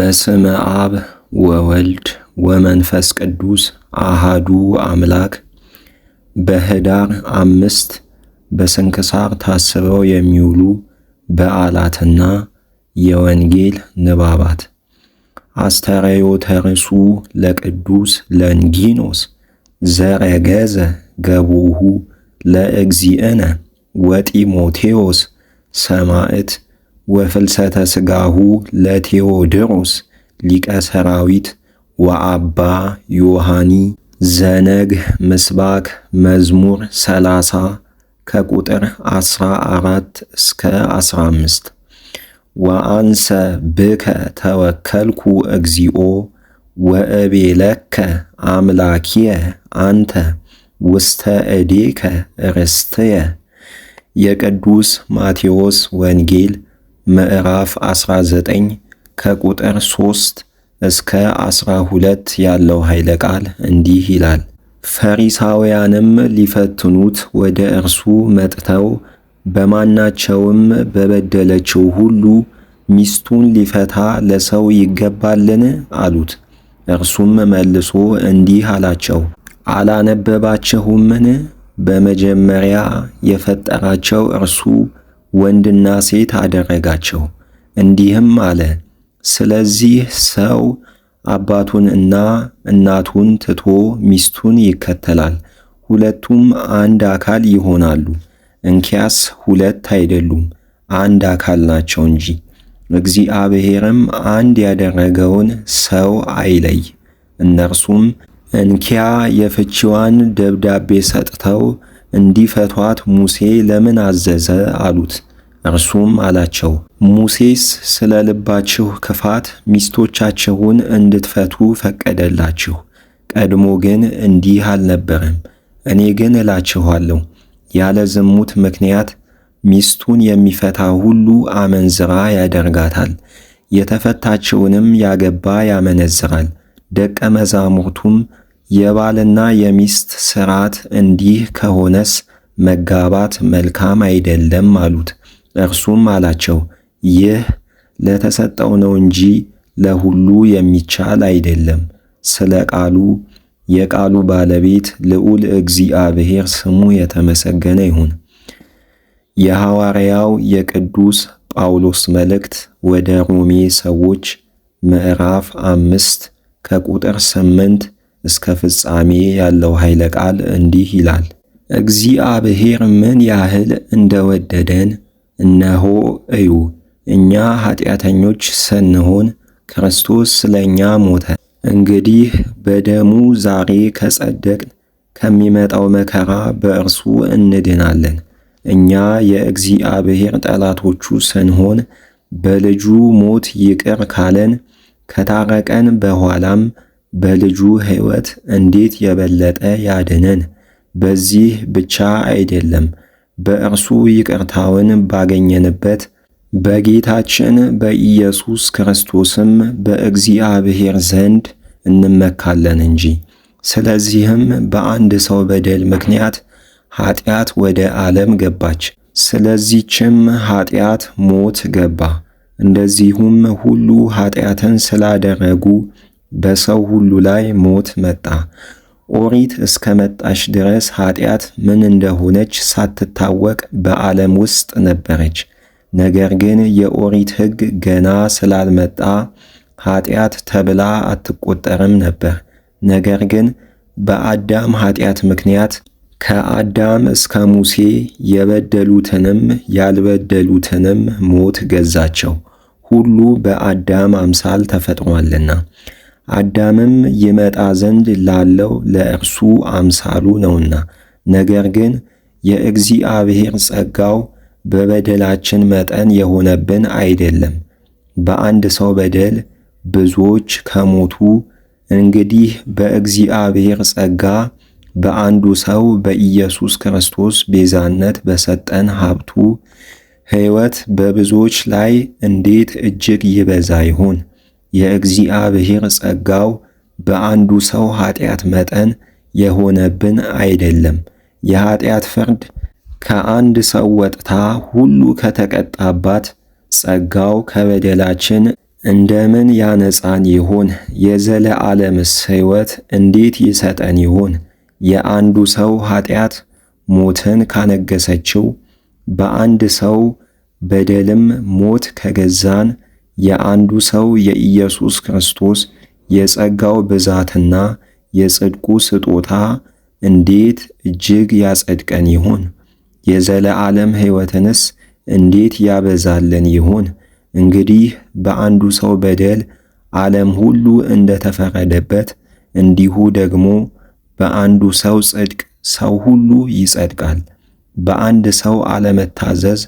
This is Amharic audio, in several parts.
በስመ አብ ወወልድ ወመንፈስ ቅዱስ አሃዱ አምላክ። በኅዳር አምስት በስንክሳር ታስበው የሚውሉ በዓላትና የወንጌል ንባባት አስተርዮተ ርእሱ ለቅዱስ ለንጊኖስ ዘረገዘ ገቡሁ ለእግዚእነ ወጢሞቴዎስ ሰማዕት ወፍልሰተ ስጋሁ ለቴዎድሮስ ሊቀ ሰራዊት ወአባ ዮሐኒ ዘነግህ ምስባክ መዝሙር ሰላሳ ከቁጥር 14 እስከ 15 ወአንሰ ብከ ተወከልኩ እግዚኦ ወእቤለከ አምላኪየ አንተ ውስተ እዴከ ርስትየ። የቅዱስ ማቴዎስ ወንጌል ምዕራፍ 19 ከቁጥር 3 እስከ 12 ያለው ኃይለ ቃል እንዲህ ይላል። ፈሪሳውያንም ሊፈትኑት ወደ እርሱ መጥተው በማናቸውም በበደለችው ሁሉ ሚስቱን ሊፈታ ለሰው ይገባልን? አሉት። እርሱም መልሶ እንዲህ አላቸው፣ አላነበባችሁምን? በመጀመሪያ የፈጠራቸው እርሱ ወንድና ሴት አደረጋቸው። እንዲህም አለ፣ ስለዚህ ሰው አባቱን እና እናቱን ትቶ ሚስቱን ይከተላል፣ ሁለቱም አንድ አካል ይሆናሉ። እንኪያስ ሁለት አይደሉም አንድ አካል ናቸው እንጂ። እግዚአብሔርም አንድ ያደረገውን ሰው አይለይ። እነርሱም እንኪያ የፍቺዋን ደብዳቤ ሰጥተው እንዲፈቷት ሙሴ ለምን አዘዘ አሉት። እርሱም አላቸው፣ ሙሴስ ስለ ልባችሁ ክፋት ሚስቶቻችሁን እንድትፈቱ ፈቀደላችሁ። ቀድሞ ግን እንዲህ አልነበረም። እኔ ግን እላችኋለሁ ያለ ዝሙት ምክንያት ሚስቱን የሚፈታ ሁሉ አመንዝራ ያደርጋታል፣ የተፈታችውንም ያገባ ያመነዝራል። ደቀ መዛሙርቱም የባልና የሚስት ስርዓት እንዲህ ከሆነስ መጋባት መልካም አይደለም አሉት። እርሱም አላቸው ይህ ለተሰጠው ነው እንጂ ለሁሉ የሚቻል አይደለም። ስለ ቃሉ የቃሉ ባለቤት ልዑል እግዚአብሔር ስሙ የተመሰገነ ይሁን። የሐዋርያው የቅዱስ ጳውሎስ መልእክት ወደ ሮሜ ሰዎች ምዕራፍ አምስት ከቁጥር ስምንት እስከ ፍጻሜ ያለው ኃይለ ቃል እንዲህ ይላል። እግዚአብሔር ምን ያህል እንደወደደን እነሆ እዩ። እኛ ኃጢአተኞች ስንሆን ክርስቶስ ለኛ ሞተ። እንግዲህ በደሙ ዛሬ ከጸደቅን ከሚመጣው መከራ በእርሱ እንድናለን። እኛ የእግዚአብሔር ጠላቶቹ ስንሆን በልጁ ሞት ይቅር ካለን ከታረቀን በኋላም በልጁ ሕይወት እንዴት የበለጠ ያድነን። በዚህ ብቻ አይደለም፣ በእርሱ ይቅርታውን ባገኘንበት በጌታችን በኢየሱስ ክርስቶስም በእግዚአብሔር ዘንድ እንመካለን እንጂ። ስለዚህም በአንድ ሰው በደል ምክንያት ኃጢአት ወደ ዓለም ገባች፣ ስለዚችም ኃጢአት ሞት ገባ። እንደዚሁም ሁሉ ኃጢአትን ስላደረጉ በሰው ሁሉ ላይ ሞት መጣ። ኦሪት እስከ መጣሽ ድረስ ኃጢአት ምን እንደሆነች ሳትታወቅ በዓለም ውስጥ ነበረች። ነገር ግን የኦሪት ሕግ ገና ስላልመጣ ኃጢአት ተብላ አትቆጠርም ነበር። ነገር ግን በአዳም ኃጢአት ምክንያት ከአዳም እስከ ሙሴ የበደሉትንም ያልበደሉትንም ሞት ገዛቸው። ሁሉ በአዳም አምሳል ተፈጥሯልና። አዳምም ይመጣ ዘንድ ላለው ለእርሱ አምሳሉ ነውና። ነገር ግን የእግዚአብሔር ጸጋው በበደላችን መጠን የሆነብን አይደለም። በአንድ ሰው በደል ብዙዎች ከሞቱ፣ እንግዲህ በእግዚአብሔር ጸጋ በአንዱ ሰው በኢየሱስ ክርስቶስ ቤዛነት በሰጠን ሀብቱ ሕይወት በብዙዎች ላይ እንዴት እጅግ ይበዛ ይሆን! የእግዚአብሔር ጸጋው በአንዱ ሰው ኃጢአት መጠን የሆነብን አይደለም። የኃጢአት ፍርድ ከአንድ ሰው ወጥታ ሁሉ ከተቀጣባት ጸጋው ከበደላችን እንደምን ያነጻን ይሆን? የዘለዓለምስ ሕይወት እንዴት ይሰጠን ይሆን? የአንዱ ሰው ኃጢአት ሞትን ካነገሰችው በአንድ ሰው በደልም ሞት ከገዛን የአንዱ ሰው የኢየሱስ ክርስቶስ የጸጋው ብዛትና የጽድቁ ስጦታ እንዴት እጅግ ያጸድቀን ይሆን? የዘለዓለም ሕይወትንስ እንዴት ያበዛልን ይሆን? እንግዲህ በአንዱ ሰው በደል ዓለም ሁሉ እንደተፈረደበት እንዲሁ ደግሞ በአንዱ ሰው ጽድቅ ሰው ሁሉ ይጸድቃል። በአንድ ሰው አለመታዘዝ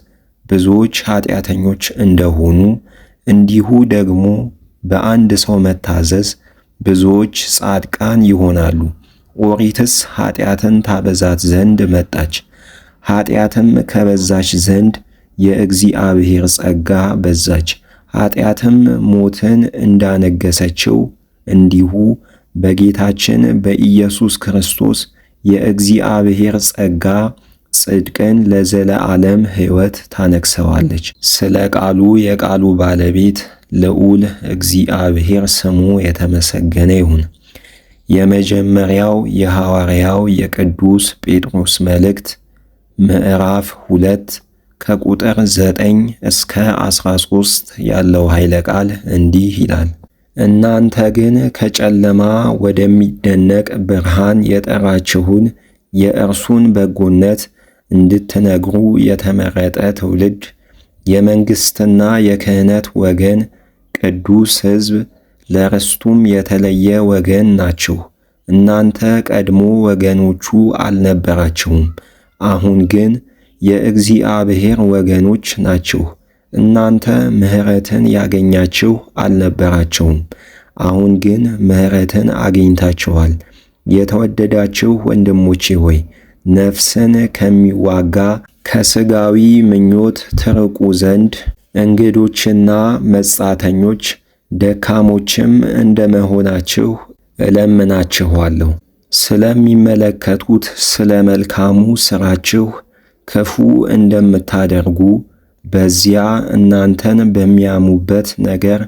ብዙዎች ኀጢአተኞች እንደሆኑ እንዲሁ ደግሞ በአንድ ሰው መታዘዝ ብዙዎች ጻድቃን ይሆናሉ። ኦሪትስ ኀጢአትን ታበዛት ዘንድ መጣች፣ ኀጢአትም ከበዛች ዘንድ የእግዚአብሔር ጸጋ በዛች። ኀጢአትም ሞትን እንዳነገሰችው እንዲሁ በጌታችን በኢየሱስ ክርስቶስ የእግዚአብሔር ጸጋ ጽድቅን ለዘለዓለም ሕይወት ታነግሰዋለች። ስለ ቃሉ የቃሉ ባለቤት ልዑል እግዚአብሔር ስሙ የተመሰገነ ይሁን። የመጀመሪያው የሐዋርያው የቅዱስ ጴጥሮስ መልእክት ምዕራፍ ሁለት ከቁጥር ዘጠኝ እስከ ዐሥራ ሦስት ያለው ኃይለ ቃል እንዲህ ይላል። እናንተ ግን ከጨለማ ወደሚደነቅ ብርሃን የጠራችሁን የእርሱን በጎነት እንድትነግሩ የተመረጠ ትውልድ የመንግስትና የክህነት ወገን ቅዱስ ሕዝብ ለርስቱም የተለየ ወገን ናችሁ። እናንተ ቀድሞ ወገኖቹ አልነበራችሁም፣ አሁን ግን የእግዚአብሔር ወገኖች ናችሁ። እናንተ ምሕረትን ያገኛችሁ አልነበራችሁም፣ አሁን ግን ምሕረትን አግኝታችኋል። የተወደዳችሁ ወንድሞቼ ሆይ ነፍስን ከሚዋጋ ከሥጋዊ ምኞት ትርቁ ዘንድ እንግዶችና መጻተኞች ደካሞችም እንደ መሆናችሁ እለምናችኋለሁ። ስለሚመለከቱት ስለ መልካሙ ሥራችሁ ክፉ እንደምታደርጉ በዚያ እናንተን በሚያሙበት ነገር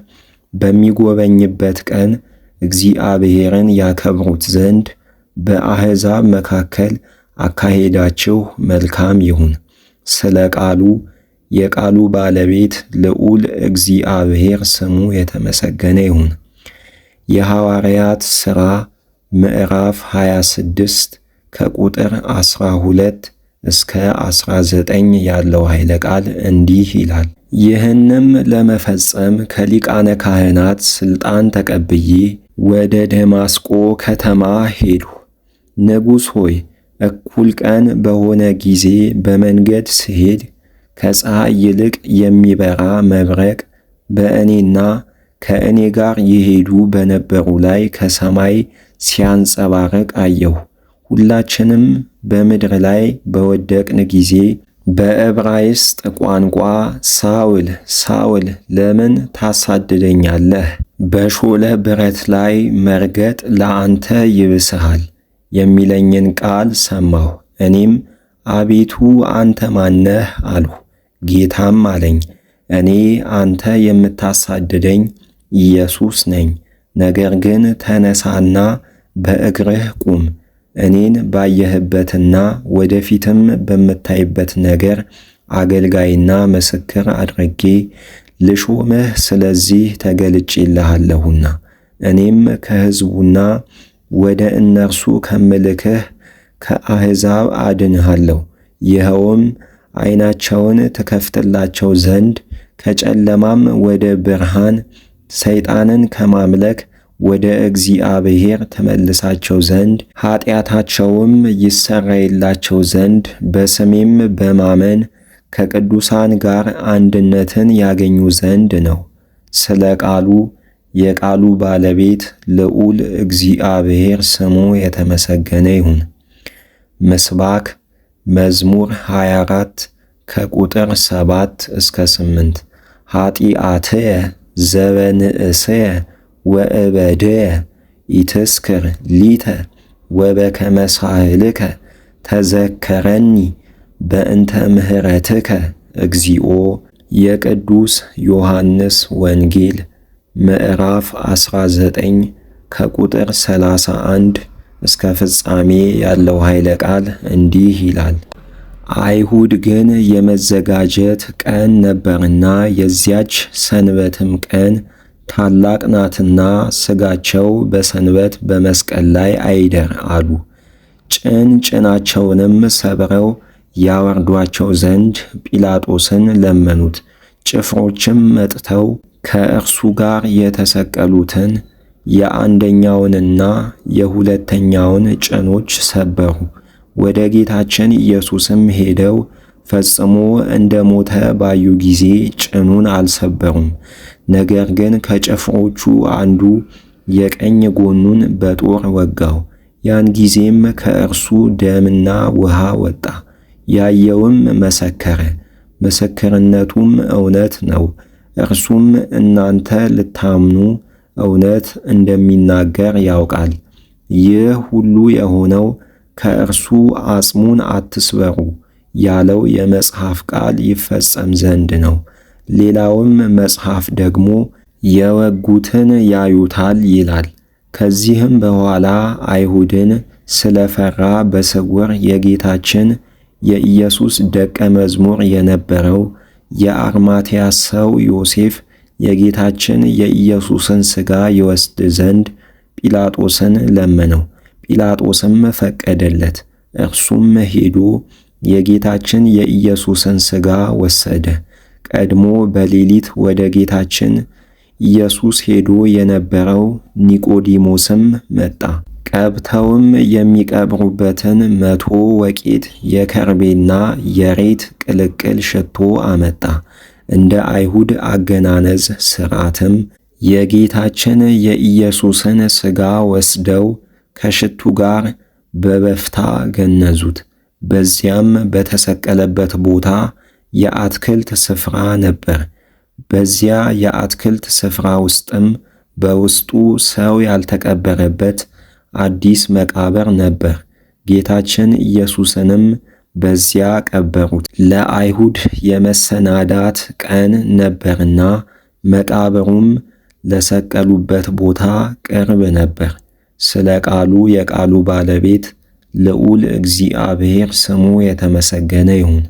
በሚጎበኝበት ቀን እግዚአብሔርን ያከብሩት ዘንድ በአሕዛብ መካከል አካሄዳችሁ መልካም ይሁን። ስለ ቃሉ የቃሉ ባለቤት ልዑል እግዚአብሔር ስሙ የተመሰገነ ይሁን። የሐዋርያት ሥራ ምዕራፍ 26 ከቁጥር 12 እስከ 19 ያለው ኃይለ ቃል እንዲህ ይላል። ይህንም ለመፈጸም ከሊቃነ ካህናት ሥልጣን ተቀብዬ ወደ ደማስቆ ከተማ ሄዱ! ንጉሥ ሆይ እኩል ቀን በሆነ ጊዜ በመንገድ ስሄድ ከፀሐይ ይልቅ የሚበራ መብረቅ በእኔና ከእኔ ጋር ይሄዱ በነበሩ ላይ ከሰማይ ሲያንጸባርቅ አየሁ። ሁላችንም በምድር ላይ በወደቅን ጊዜ በዕብራይስጥ ቋንቋ ሳውል ሳውል ለምን ታሳድደኛለህ? በሾለ ብረት ላይ መርገጥ ለአንተ ይብስሃል የሚለኝን ቃል ሰማሁ። እኔም አቤቱ አንተ ማነህ አልሁ። ጌታም አለኝ እኔ አንተ የምታሳድደኝ ኢየሱስ ነኝ። ነገር ግን ተነሳና በእግርህ ቁም፣ እኔን ባየህበትና ወደፊትም በምታይበት ነገር አገልጋይና ምስክር አድርጌ ልሾምህ፣ ስለዚህ ተገልጬልሃለሁና እኔም ከሕዝቡና ወደ እነርሱ ከምልክህ ከአሕዛብ አድንሃለሁ። ይኸውም ዐይናቸውን ትከፍትላቸው ዘንድ ከጨለማም ወደ ብርሃን፣ ሰይጣንን ከማምለክ ወደ እግዚአብሔር ተመልሳቸው ዘንድ ኀጢአታቸውም ይሰረይላቸው ዘንድ በስሜም በማመን ከቅዱሳን ጋር አንድነትን ያገኙ ዘንድ ነው። ስለ ቃሉ የቃሉ ባለቤት ልዑል እግዚአብሔር ስሙ የተመሰገነ ይሁን። ምስባክ መዝሙር 24 ከቁጥር 7 እስከ 8 ኃጢአትየ ዘበንእስየ ወእበድየ ኢትስክር ሊተ ወበከመሳህልከ ተዘከረኒ በእንተ ምሕረትከ እግዚኦ። የቅዱስ ዮሐንስ ወንጌል ምዕራፍ 19 ከቁጥር 31 እስከ ፍጻሜ ያለው ኃይለ ቃል እንዲህ ይላል። አይሁድ ግን የመዘጋጀት ቀን ነበርና የዚያች ሰንበትም ቀን ታላቅ ናትና ስጋቸው በሰንበት በመስቀል ላይ አይደር አሉ። ጭን ጭናቸውንም ሰብረው ያወርዷቸው ዘንድ ጲላጦስን ለመኑት። ጭፍሮችም መጥተው ከእርሱ ጋር የተሰቀሉትን የአንደኛውንና የሁለተኛውን ጭኖች ሰበሩ። ወደ ጌታችን ኢየሱስም ሄደው ፈጽሞ እንደ ሞተ ባዩ ጊዜ ጭኑን አልሰበሩም። ነገር ግን ከጭፍሮቹ አንዱ የቀኝ ጎኑን በጦር ወጋው። ያን ጊዜም ከእርሱ ደምና ውሃ ወጣ። ያየውም መሰከረ፣ ምስክርነቱም እውነት ነው። እርሱም እናንተ ልታምኑ እውነት እንደሚናገር ያውቃል። ይህ ሁሉ የሆነው ከእርሱ አጽሙን አትስበሩ ያለው የመጽሐፍ ቃል ይፈጸም ዘንድ ነው። ሌላውም መጽሐፍ ደግሞ የወጉትን ያዩታል ይላል። ከዚህም በኋላ አይሁድን ስለፈራ በስውር የጌታችን የኢየሱስ ደቀ መዝሙር የነበረው የአርማትያስ ሰው ዮሴፍ የጌታችን የኢየሱስን ሥጋ ይወስድ ዘንድ ጲላጦስን ለመነው። ጲላጦስም ፈቀደለት። እርሱም ሄዶ የጌታችን የኢየሱስን ሥጋ ወሰደ። ቀድሞ በሌሊት ወደ ጌታችን ኢየሱስ ሄዶ የነበረው ኒቆዲሞስም መጣ። ቀብተውም የሚቀብሩበትን መቶ ወቄት የከርቤና የሬት ቅልቅል ሽቶ አመጣ። እንደ አይሁድ አገናነዝ ሥርዓትም የጌታችን የኢየሱስን ሥጋ ወስደው ከሽቱ ጋር በበፍታ ገነዙት። በዚያም በተሰቀለበት ቦታ የአትክልት ስፍራ ነበር። በዚያ የአትክልት ስፍራ ውስጥም በውስጡ ሰው ያልተቀበረበት አዲስ መቃብር ነበር። ጌታችን ኢየሱስንም በዚያ ቀበሩት። ለአይሁድ የመሰናዳት ቀን ነበርና መቃብሩም ለሰቀሉበት ቦታ ቅርብ ነበር። ስለ ቃሉ የቃሉ ባለቤት ልዑል እግዚአብሔር ስሙ የተመሰገነ ይሁን።